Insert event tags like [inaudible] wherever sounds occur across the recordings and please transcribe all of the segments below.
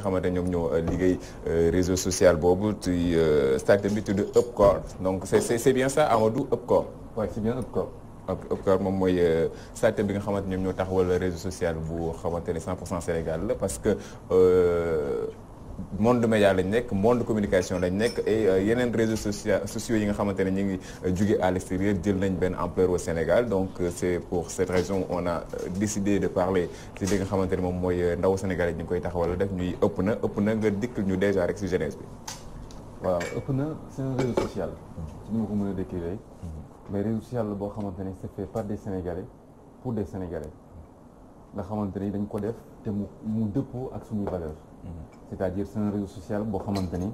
nga xamante ñoom ñoo euh, liggéey euh, réseau social boobu ci euh, start-up bi tudd Upcore donc c'est c'est bien sax Amadou Upcore. waaw c'est bien Upcore. Upcore moom mooy start bi nga xamante ñoom ñoo tax taxawal réseau social bu xamante ne 100% Sénégal la parce que. monde média lañ nekk monde communication lañ nekk et euh, yeneen réseaux socia sociaux yi nga xamante ne ñu ngi euh, jóge à l'extérieur jël nañ benn ampleur au Sénégal donc euh, c'est pour cette raison on a décidé de parler ci li nga xamante ne moom mooy ndaw sénégalais ñu ngi koy taxawal def ñuy ëpp na ëpp na nga dikkal ñu déjà rek ci jeunesse bi waaw ëpp na c'est un réseau social si ni ko mën a mm-hmm. mais réseau social boo xamante ne c'est fait par des sénégalais pour des sénégalais nga xamante ne dañ ko def te mu mu dëppoo ak suñuy valeurs c'est-à-dire c'est un réseau social boo xamante ni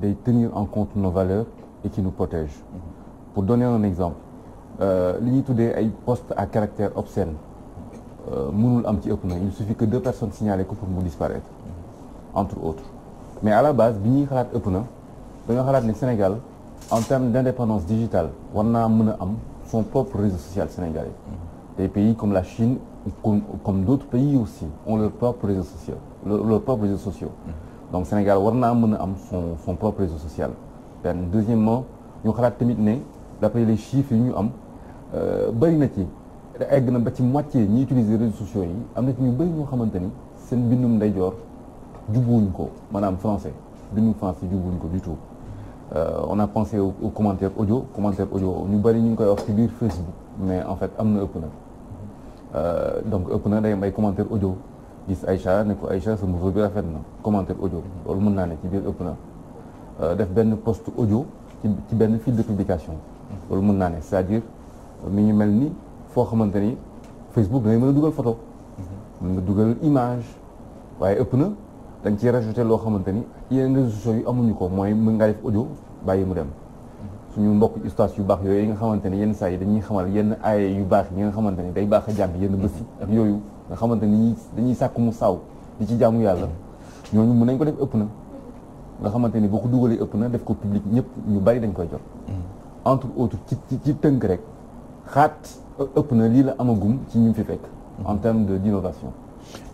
day tenir en compte nos valeurs et qui nous protège mm-hmm. pour donner un exemple euh, li ñuy tuddee ay postes à caractère obscène euh, mënul am ci ëpp na il suffit que deux personnes signalées ko pour mu disparaître mm-hmm. entre autres mais à la base bi ñuy xalaat ëpp na dañoo xalaat ne Sénégal en termes d'indépendance digitale war naa mën a am son propre réseau social sénégalais mm-hmm. de pays comme la Chine comme, comme d'autres pays aussi ont leur propre réseau social leur, leur propre réseau sociaux mm-hmm. donc Sénégal war naa mën a am son son propre réseau social benn deuxièmement ñu xalaat tamit ne d'après les chiffres yi ñu am euh, bëri na ci egg na ba ci moitié ñi utiliser réseaux sociaux yi am na ci ñu bëri ñoo xamante ni seen bindum ndeyjoor jubbuwuñ ko maanaam français bindum français jubbuwuñ ko du tout euh, on a pensé aux commentaires audio commentaires audio ñu bari ñu ngi koy wax ci biir Facebook mais en fait am na ëpp na Euh, donc ëpp na day am ay commentaire audio gis Aïcha ne ko Aïcha sa morceau bi rafet na commentaire audio loolu mën naa ne ci biir ëpp na euh, def benn post audio ci ci benn fil de publication loolu mën naa ne c'est-à-dire euh, mi ngi mel ni foo xamante ni Facebook dangay mën a dugal photo mhm. mën nga dugal image waaye ëpp na dañ ci rajouté loo xamante ni yeneen réseaux sociaux yu amuñu ko mooy mën ngaa def audio bàyyi mu dem suñu mbokk ustaas yu baax yooyu yi nga xamante ne yenn saa yi dañuy xamal yenn ay yu baax yi nga xamante ne day baax a jàng yenn bés ak yooyu nga xamante ne dañuy sàkk mu saaw di ci jaamu yàlla ñooñu mën nañ ko def ëpp na nga xamante ni boo ko dugalee ëpp na def ko public ñëpp ñu bari dañ koy jot entre autres ci ci tënk rek xaat ëpp na lii la amagum ci ñu fi fekk en termes d'innovation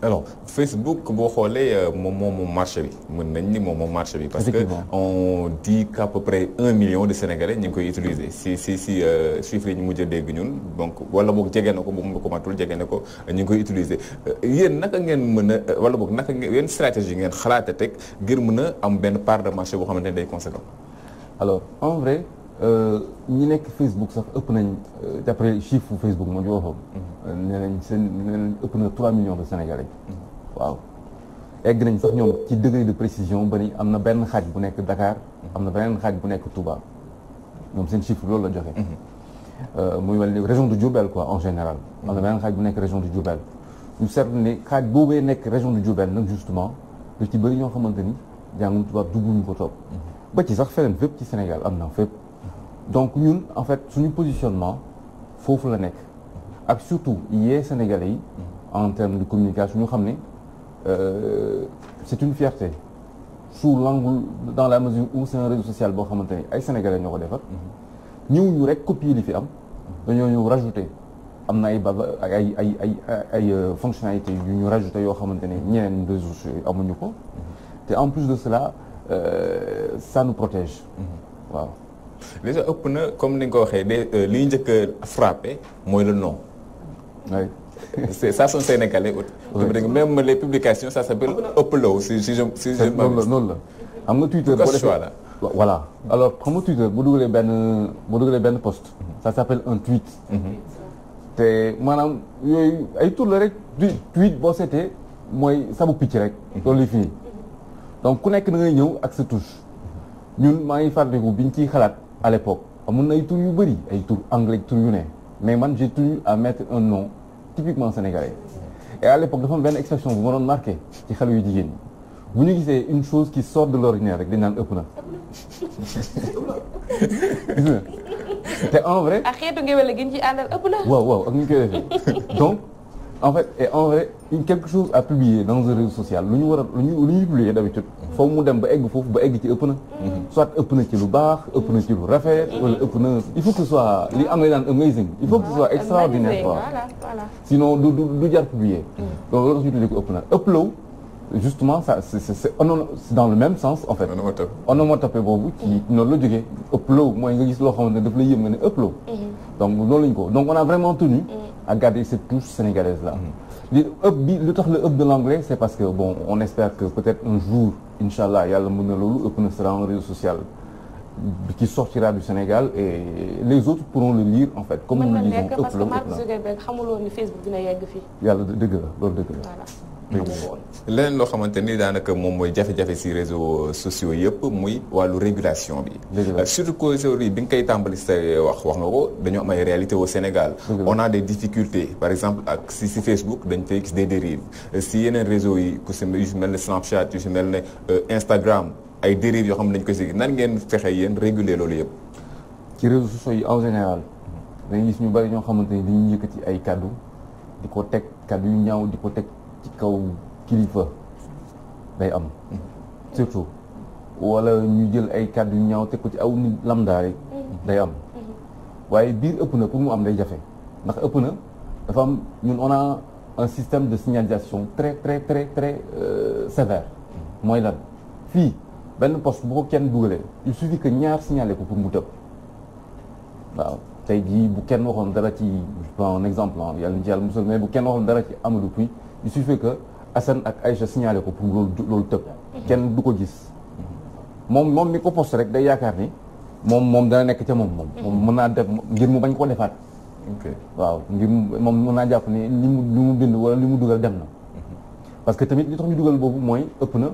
alors Facebook boo xoolee euh, moom moom moom marché bi mën nañ ni moom moom marché bi. parce que on dit qu'à peu près un million de Sénégalais ñu ngi koy utiliser si si si euh, chiffres yi ñu mujj a dégg ñun donc wala boog jege na ko moom la ko matul jege na ko ñu ngi koy utiliser euh, yéen naka ngeen mën a wala boog naka ngeen yéen stratégie ngeen xalaat a teg ngir mën a am benn part de marché boo xamante ne day conséquent. alors Euh, ñu nekk Facebook sax ëpp nañ euh, d'après chiffre Facebook moo ñu waxoon. Mhm. seen nee ëpp na 3 millions de Sénégalais. Mhm. waaw egg nañ sax ñoom ci degré de précision ba ni am na benn xaaj bu nekk dakaar mhm. am na beneen xaaj bu nekk tubaab ñoom seen chiffre loolu la joxe. Euh, muy mel ni région de Diourbel quoi en général. am na beneen xaaj bu nekk région de Diourbel. ñu seetlu ne boobee nekk région de Diourbel nag justement lu ci bëri ñoo xamante ni jàngum tubaab dugguñu ko toog. ba ci sax feneen fépp ci Sénégal am na fépp. donc ñun en fait suñu positionnement foofu la nekk ak surtout yee Sénégalais yi en termes de communication ñu xam ne euh, c'est une fierté sous l'angle dans la mesure où c'est un réseau social boo xamante ne ay Sénégalais ñoo ko defar ñëw ñu rek copier li fi am dañoo ñëw rajouter am na ay baba ay ay ay ay euh, fonctionnalités yu ñu rajouté yoo xamante ne ñeneen réseaux sociaux amuñu ko te en plus de cela euh, ça nous protège mm-hmm. waaw déjà ëpp na comme ni nga ko waxee de euh, li ñu njëkk a mooy la nom. oui [laughs] c'est ça son sénégalais. oui même les publications ça s'appelle ëpp la si si je si la noonu la xam nga Twitter. boo alors xam nga Twitter bu dugalee benn bu dugalee benn post. Mhm. ça s'appelle un mhm. maanaam yooyu ay rek tweet boo seetee mooy sabu picc rek. Mhm. loolu lay fini donc ku nekk na ngay ñëw ak sa touche ñun maa ngi fàttaliku biñ ci xalaat. à l'époque amoon na ay tur yu bëri ay tur anglais tur yu ne mais man j'ai tenu à mettre un nom typiquement sénégalais et à l'époque dafa am benn expression bu ma doon marqué ci xale yu jigéen ñi bu ñu gisee une chose qui sort de l'ordinaire rek dañ naan ëpp na gis nga te en vrai. ak xeetu ngéwél gi ñu ci àndal ëpp na. waaw waaw ak ñu koy defee en fait et en vrai quelque chose à publier dans un réseau social lu ñu war a lu ñu lu ñuy publier d'habitude foofu mu dem ba egg foofu ba egg ci ëpp na mhm. soit ëpp na ci lu baax ëpp na ci lu rafet mhm. na il faut que ce soit extraordinaire quoi sinon du du jar publier mhm. donc loolu tax ñu tuddee ko ëpp na upload justement ça c'est c'est dans le même sens en fait onomatopée boobu ci noonu la jógee upload mooy nga gis loo xamante ne daf lay yëm nga ne upload donc noonu lañu ko donc on a vraiment tenu à garder cette touche sénégalaise là. Mhm. li ëpp bi lu tax la ëpp de l'anglais c'est parce que bon on espère que peut-être un jour incha allah yàlla mën na loolu ëpp na sera un réseau social qui sortira du Sénégal et les autres pourront le lire en fait. comme nous le disons ëpp la ëpp na mën na nekk parce que Mark Zuckerberg xamuloon ni Facebook dina yegg fii. yàlla dëgg la loolu dëgg la. leneen loo xamante ni daanaka moom mooy jafe-jafe si réseaux sociaux yëpp muy wàllu régulation bi. Euh, surtout que bi nga koy tàmbali sa wax wax nga ko dañoo am ay réalité au Sénégal. on a des difficultés par exemple ak si si Facebook dañ fay gis des dérives euh, si yeneen réseau yi ku si mel ne Snapchat yu si mel ne euh, Instagram ay dérives yoo xam ne dañ koy si nan ngeen fexe yéen réguler loolu yëpp. ci réseaux sociaux yi en général. dañuy gis ñu bari ñoo xamante ni dañuy yëkkati ay kaddu di teg kaddu yu ñaaw di ko teg. kaw kilifa day am surtout wala ñu jël ay kàddu yu ñaaw teg ko ci aw nit lambda rek day am waaye biir ëpp na pour mu am day jafe ndax ëpp na dafa am ñun on a un système de signalisation très très très très euh, sévère mooy lan fii benn poste boo kenn dugalee il suffit que ñaar signalé ko pour mu tëb waaw tey jii bu kenn waxoon dara ci je prends un exemple yàlla na ci yàlla musal bu kenn waxoon dara ci Amadou Puy il suffit que Assane ak Aïcha signalé ko pour loolu loolu tëb kenn du ko gis moom moom mi ko poste rek day yaakaar ni moom moom dana nekk ca moom moom moom mën naa def ngir mu bañ koo defaat waaw ngir moom mun naa jàpp ni li mu li mu bind wala li mu dugal dem na parce que tamit li tox ñu dugal boobu mooy ëpp na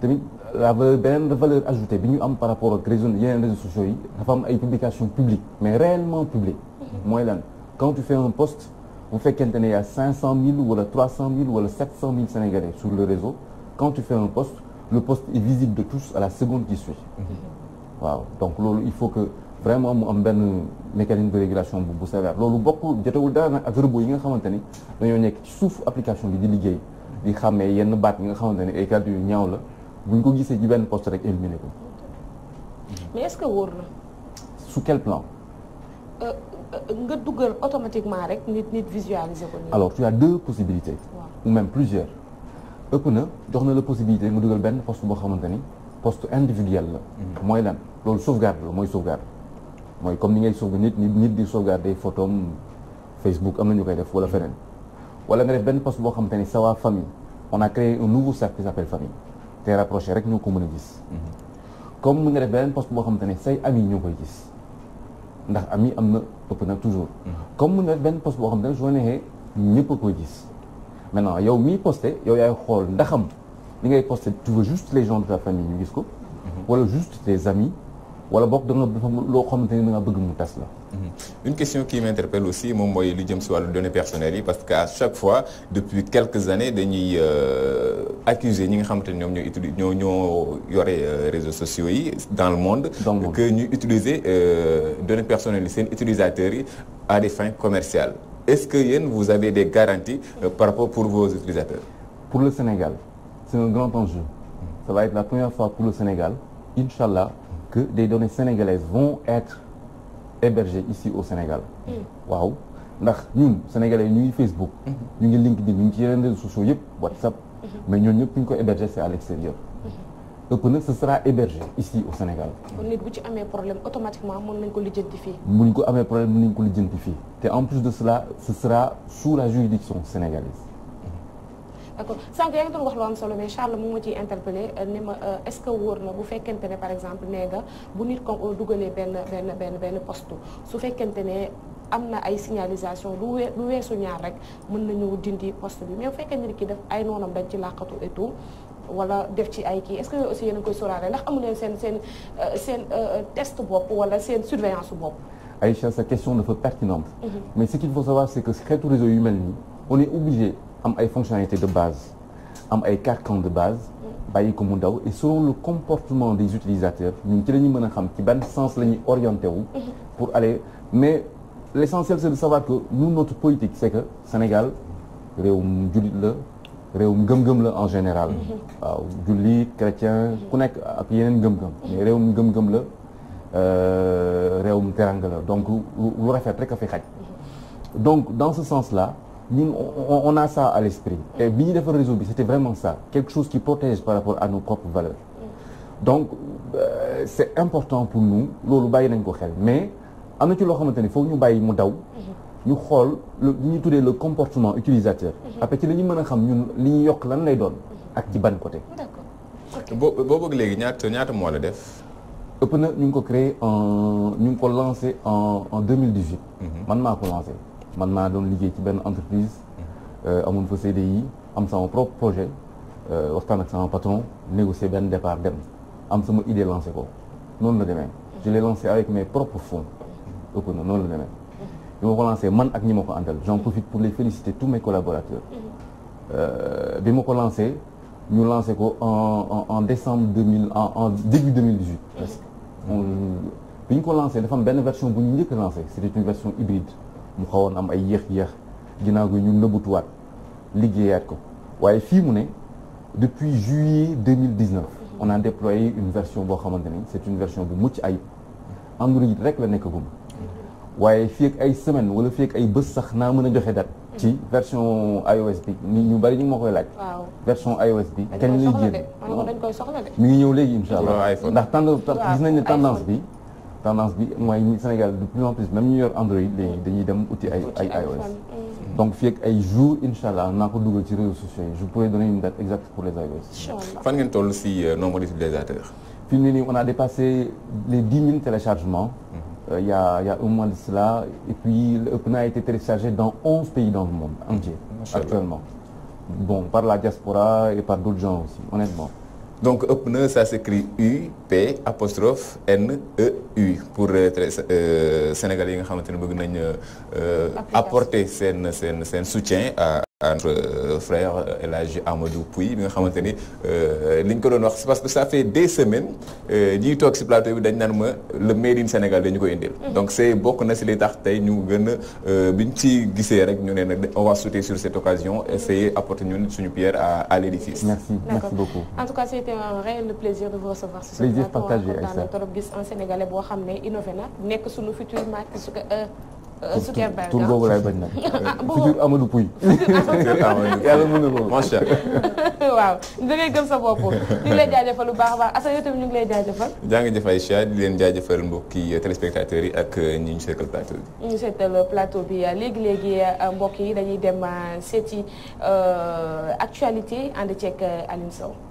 tamit la valeur beneen valeur ajoutée bi ñu am par rapport ak réseau yeneen réseaux sociaux yi dafa am ay publications publiques mais réellement publiques mhm. mooy lan quand tu fais bu fekkente ne y' a 500000 wala 300000 wala 700000 sénégalais sur le réseau quand tu fais un poste le poste est visible de tous à la seconde qui suit. Mhm. waaw donc loolu il faut que vraiment mu am benn mécanisme de régulation bu bu sévère loolu bokk jotewul dara nag ak robot yi nga xamante ni dañoo nekk ci suuf application bi di liggéey di xàmmee yenn baat yi nga xamante ne ay kàddu yu ñaaw la buñ ko gisee ci benn poste rek éliminé ko. mais est-ce que wóor na. sous quel plan. Euh, nga dugal automatiquement rek nit nit visualiser ko. alors tu as deux possibilités. ou même plusieurs. ëpp na jox na la possibilité nga dugal benn post boo xamante ni poste individuel la. Mhm. mooy lan loolu sauvegarde la mooy sauvegarde. mooy comme ni ngay sauvegarde nit nit nit di sauvegarder photo Facebook am na ñu koy def wala feneen. wala nga def benn poste boo xamante ni sa waa famille on a nouveau cercle qui s'appelle famille. te rapproché rek ñoo ko mën a gis. Mhm. comme nga def benn poste boo xamante ni say amis ñoo koy gis. ndax ami am na ëpp toujours. Mm-hmm. comme mu ne benn poste boo xam ne soo neexee ñëpp a koy gis. maintenant yow miy posté yow yaay xool ndaxam li ngay posté tu veux juste les gens de ta famille ñu gis ko. Mm-hmm. wala juste tes amis. wala boog da nga loo xamante ni da nga mu tas la. une question qui m'interpelle aussi moom mooy lu jëm si wàllu données personnelles yi parce que à chaque fois depuis quelques années dañuy euh, accuser ñi nga xamante ne ñoom ñoo utili ñoo ñoo yore euh, réseaux sociaux yi dans le monde que ñu utiliser euh, données personnelles yi seen utilisateurs yi à des fins commerciales ce que yéen vous avez des garanties par rapport pour vos utilisateurs pour le Sénégal c'est un grand enjeu ça va être la première fois pour le Sénégal inchallah que hébergés ici au Sénégal. Mm. waaw ndax ñun sénégalais ñu ngi Facebook. Mm-hmm. ñu ngi LinkedIn ñu ngi ci yeneen réseaux sociaux yëpp WhatsApp. Mm-hmm. mais ñooñu ñëpp ñu ko hébergé c'est à l'extérieur. Mm-hmm. ëpp nag ce sera hébergé ici au Sénégal. kon nit bu ci amee problème automatiquement mën nañ ko lijjanti fii. mën ko amee problème mën nañ ko lijjanti fii te en plus de cela ce sera sous la juridiction sénégalaise. d'accord sànq yaa wax lu am solo mais Charles mu ma ciy interpellé euh, ne ma euh, est-ce que wóor na bu fekkente ne par exemple nee nga bu nit ko euh, dugalee benn benn benn benn poste su fekkente ne am na ay signalisation lu wee lu weesu ñaar rek mën nañu dindi poste bi mais bu fekkee nit ki def ay noonam dañ ci làqatu et tout wala def ci ay kii est-ce que yooyu aussi yéen a koy sóoraale ndax amu leen seen seen seen test bopp wala seen surveillance bopp. Aïcha sa question dafa pertinente. Mm -hmm. mais ce qu'il faut savoir c'est réseau yu mel nii on est am ay fonctionnalités de base am ay carcan de base bàyyi ko mu daw et selon le comportement des utilisateurs ci la ñu mën a xam ci ban sens la ñuy orienté wu pour aller mais l' essentiel c' est de savoir que nous notre politique c' est que Sénégal réewum jullit la réewum ngëm la en général waaw jullit chrétien ku nekk ak yeneen ngëm-ngëm réew réewum gëm gëm la euh, réew mu la donc lu rafet rek a fi xaj donc dans ce sens là ñun on a ça à l'esprit et bi ñu defar réseau bi c'était vraiment ça quelque chose qui protège par rapport à nos propres valeurs donc euh, c'est important pour nous loolu bàyyi nañ ko xel mais am na ci loo xamante ni foog ñu bàyyi mu daw ñu xool lu ñu tuddee le comportement utilisateur mhm. après ci la ñu mën a xam ñun li ñu yokk lan lay doon mhm. ak ci ban côté boo bëgg léegi ñaata ñaata moo la def ëpp na ñu ngi ko créé en ñu ngi ko lancé en en 2018 mhm. man maa ko lancé man maa doon liggéey ci benn entreprise euh, amoon fa CDI am sama propre projet euh, waxtaan ak sama patron négocier benn départ dem am sama idée lancé ko noonu la demee je l'ai lancé avec mes propres fonds ëpp na noonu la demee bi ma ko lancé man ak ñi ma ko àndal j'en profite pour les féliciter tous mes collaborateurs euh, bi ma ko lancé ñu lancé ko en en décembre 2000 en en début 2018 presque bi ñu ko lancé dafa am benn version bu ñu njëkk lancé c'était une version hybride mu xawoon am ay yéex-yéex ginnaaw gi ñu nëbbutuwaat liggéeyaat ko waaye fii mu ne depuis juillet 2019 on a déployé une version boo xamante ni c'est une version bu mucc ayib Android rek la nekk gum waaye fii ak ay semaine wala fii ak ay bës sax naa mën a joxe date ci version iOS bi ni ñu bari ñu ngi ma koy laaj version iOS bi kañ mu génn mi ngi ñëw léegi insha allah ndax tendance gis nañ ne tendance bi tendance bi mooy Sénégal de plus en plus même ñu yor Android mm. dañuy dem uti ay ay iOS mm. donc fii ay jours incha allah naa ko dugal ci réseaux sociaux yi je pourrais donner une date exacte pour les iOS. fan toll si euh, nombre d'utilisateurs. fii nii on a dépassé les dix mille téléchargements. Mm-hmm. Euh, il y a il y a un mois de cela et puis le Open a été téléchargé dans onze pays dans le monde entier. actuellement bon par la diaspora et par d'autres gens aussi honnêtement. donc ëpp na ça s'écrit U P apostrophe N E U pour euh, euh, sénégal yi nga xamante ne bëgg nañ euh, apporter seen sen seen soutien à entre euh, frère euh, El Hadj Amadou Pouy bi nga xamante euh, li ñu ko doon wax parce que ça fait des semaines ñiy toog ci plateau bi dañ naan ma le made in Sénégal dañu koy indil. Mm-hmm. donc c'est bokk na ci li tax tey ñu gën bi ñu ci gisee rek ñu ne nag on va sauter sur cette occasion essayer apporter ñun suñu pierre à l'édifice. merci merci boo xam ne innové na nekk suñu futur marque su Euh, euh, Zuckerberg tur boobu laay bañ nag. futur Amadou Pouy. [laughs] yàlla mën na ko macha allah. [laughs] waaw dangay gëm sa bopp ñu ngi lay jaajëfal lu baax a baax Assane yow tamit ñu ngi lay jaajëfal. jaa ngi jëf Aïcha leen jaajëfal mbokki euh, téléspectateurs yi ak ñi ñu seetal plateau bi. ñu seetal plateau bi léegi léegi mbokk yi dañuy dem seeti actualité ànd ceeg Alioune Sow.